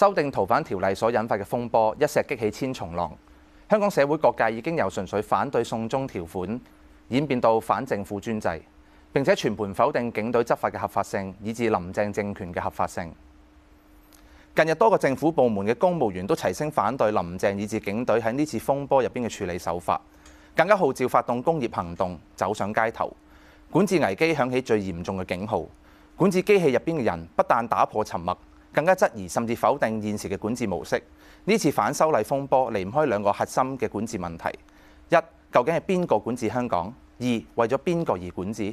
修訂逃犯條例所引發嘅風波，一石激起千重浪。香港社會各界已經由純粹反對送中條款演變到反政府專制，並且全盤否定警隊執法嘅合法性，以至林鄭政權嘅合法性。近日多個政府部門嘅公務員都齊聲反對林鄭，以至警隊喺呢次風波入邊嘅處理手法，更加號召發動工業行動走上街頭，管治危機響起最嚴重嘅警號，管治機器入邊嘅人不但打破沉默。更加質疑甚至否定現時嘅管治模式。呢次反修例風波離唔開兩個核心嘅管治問題：一，究竟係邊個管治香港？二，為咗邊個而管治？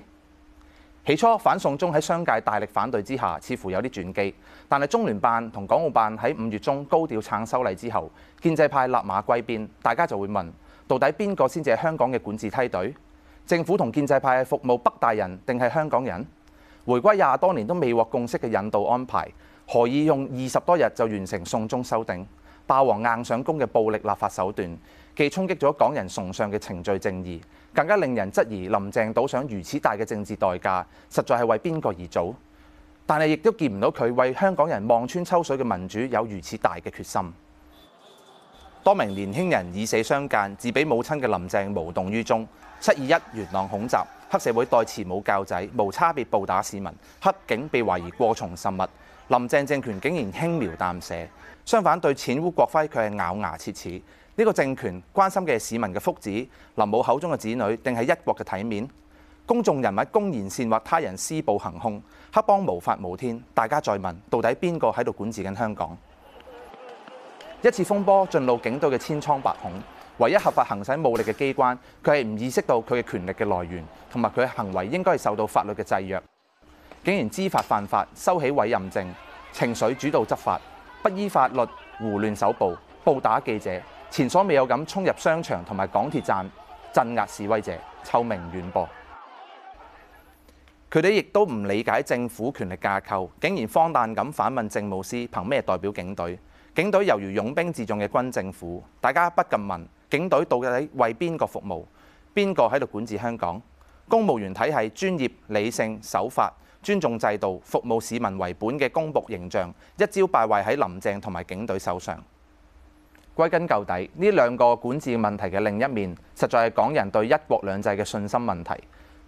起初反送中喺商界大力反對之下，似乎有啲轉機，但係中聯辦同港澳辦喺五月中高調撐修例之後，建制派立馬歸變，大家就會問：到底邊個先至係香港嘅管治梯隊？政府同建制派係服務北大人定係香港人？回歸廿多年都未獲共識嘅引渡安排。何以用二十多日就完成送中修訂？霸王硬上弓嘅暴力立法手段，既衝擊咗港人崇尚嘅程序正義，更加令人質疑林鄭賭上如此大嘅政治代價，實在係為邊個而做？但係亦都見唔到佢為香港人望穿秋水嘅民主有如此大嘅決心。多名年輕人以死相間，自比母親嘅林鄭無動於衷。七二一元朗恐襲，黑社會代慈母教仔，無差別暴打市民，黑警被懷疑過從甚密。林鄭政權竟然輕描淡寫，相反對錢污國徽佢係咬牙切齒。呢個政權關心嘅市民嘅福祉，林母口中嘅子女，定係一國嘅體面？公眾人物公然煽惑他人，施暴行凶，黑幫無法無天。大家再問，到底邊個喺度管治緊香港？一次風波，盡露警隊嘅千瘡百孔。唯一合法行使武力嘅機關，佢係唔意識到佢嘅權力嘅來源，同埋佢嘅行為應該係受到法律嘅制約。竟然知法犯法，收起委任證，情緒主導執法，不依法律胡亂搜捕，暴打記者，前所未有咁衝入商場同埋港鐵站鎮壓示威者，臭名遠播。佢哋亦都唔理解政府權力架構，竟然荒誕咁反問政務司，憑咩代表警隊？警隊猶如擁兵自重嘅軍政府，大家不禁問，警隊到底為邊個服務？邊個喺度管治香港？公務員體系專業理性守法。尊重制度、服務市民為本嘅公僕形象，一朝敗壞喺林鄭同埋警隊手上。歸根究底，呢兩個管治問題嘅另一面，實在係港人對一國兩制嘅信心問題。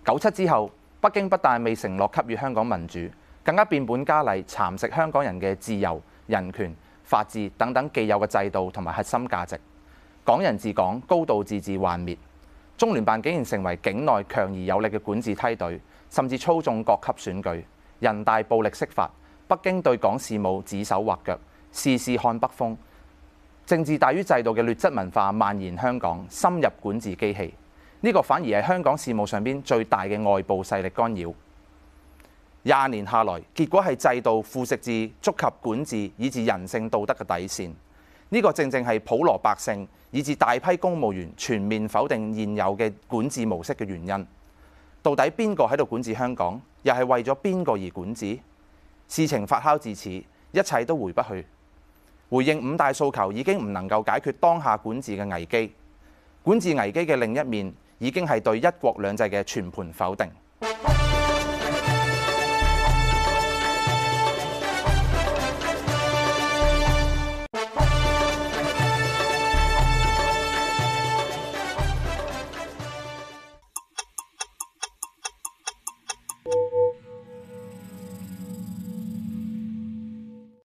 九七之後，北京不但未承諾給予香港民主，更加變本加厲，蠶食香港人嘅自由、人權、法治等等既有嘅制度同埋核心價值。港人治港、高度自治幻滅，中聯辦竟然成為境內強而有力嘅管治梯隊。甚至操縱各級選舉、人大暴力釋法、北京對港事務指手畫腳、事事看北風，政治大於制度嘅劣質文化蔓延香港，深入管治機器。呢、這個反而係香港事務上邊最大嘅外部勢力干擾。廿年下來，結果係制度腐蝕至觸及管治，以至人性道德嘅底線。呢、這個正正係普羅百姓，以至大批公務員全面否定現有嘅管治模式嘅原因。到底邊個喺度管治香港？又係為咗邊個而管治？事情發酵至此，一切都回不去。回應五大訴求已經唔能夠解決當下管治嘅危機。管治危機嘅另一面，已經係對一國兩制嘅全盤否定。